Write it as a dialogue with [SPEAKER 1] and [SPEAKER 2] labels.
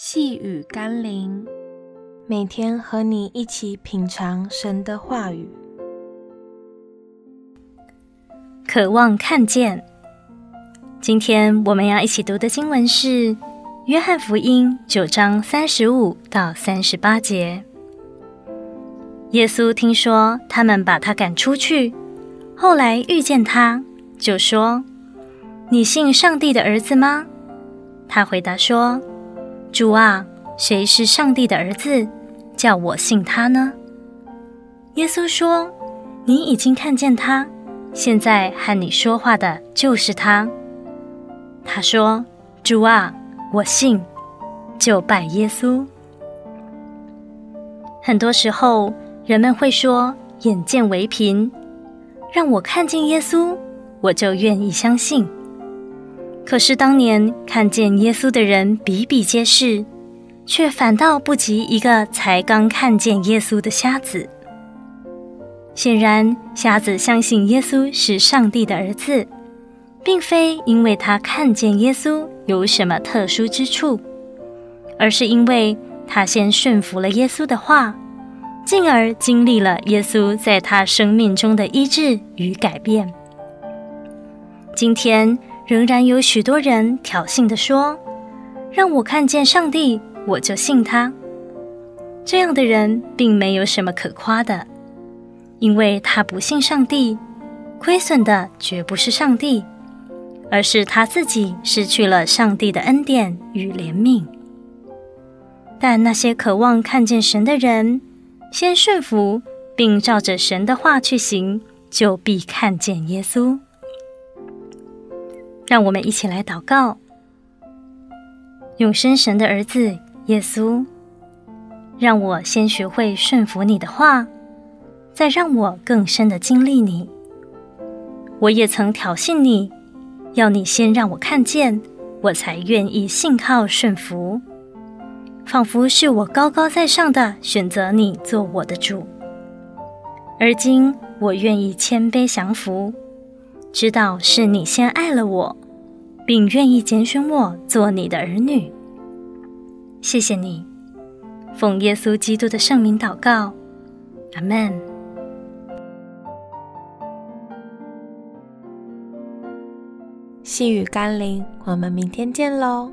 [SPEAKER 1] 細語甘霖，每天和你一起品嘗神的話語，渴望看見。今天我們要一起讀的經文是《約翰福音》九章三十五到三十八節。耶穌聽說他們把他趕出去，後來遇見他，就說：“你信上帝的兒子嗎？”他回答說。主啊，誰是上帝的兒子，叫我信他呢？耶穌說：“你已經看見他，現在和你說話的就是他。”他說：“主啊，我信，就拜耶穌。”很多時候，人們會說：“眼見為憑，讓我看見耶穌，我就願意相信。”可是當年看見耶穌的人比比皆是，卻反倒不及一個才剛看見耶穌的瞎子。顯然，瞎子相信耶穌是上帝的兒子，並非因為他看見耶穌有什麼特殊之處，而是因為他先順服了耶穌的話，進而經歷了耶穌在他生命中的醫治與改變。今天，仍然有許多人挑釁地說：“讓我看見上帝，我就信他。”這樣的人並沒有什麼可誇的，因為他不信上帝，虧損的絕不是上帝，而是他自己失去了上帝的恩典與憐憫。但那些渴望看見神的人，先順服並照着神的話去行，就必看見耶穌。讓我們一起來禱告。永生神的兒子耶穌，讓我先學會順服你的話，再讓我更深地經歷你。我也曾挑釁你，要你先讓我看見，我才願意信靠順服。仿佛是我高高在上地選擇你做我的主，而今我願意謙卑降服，知道是你先愛了我。並願意揀選我做你的兒女。謝謝你，奉耶穌基督的聖名禱告，阿門。細語甘霖，我們明天見嘍。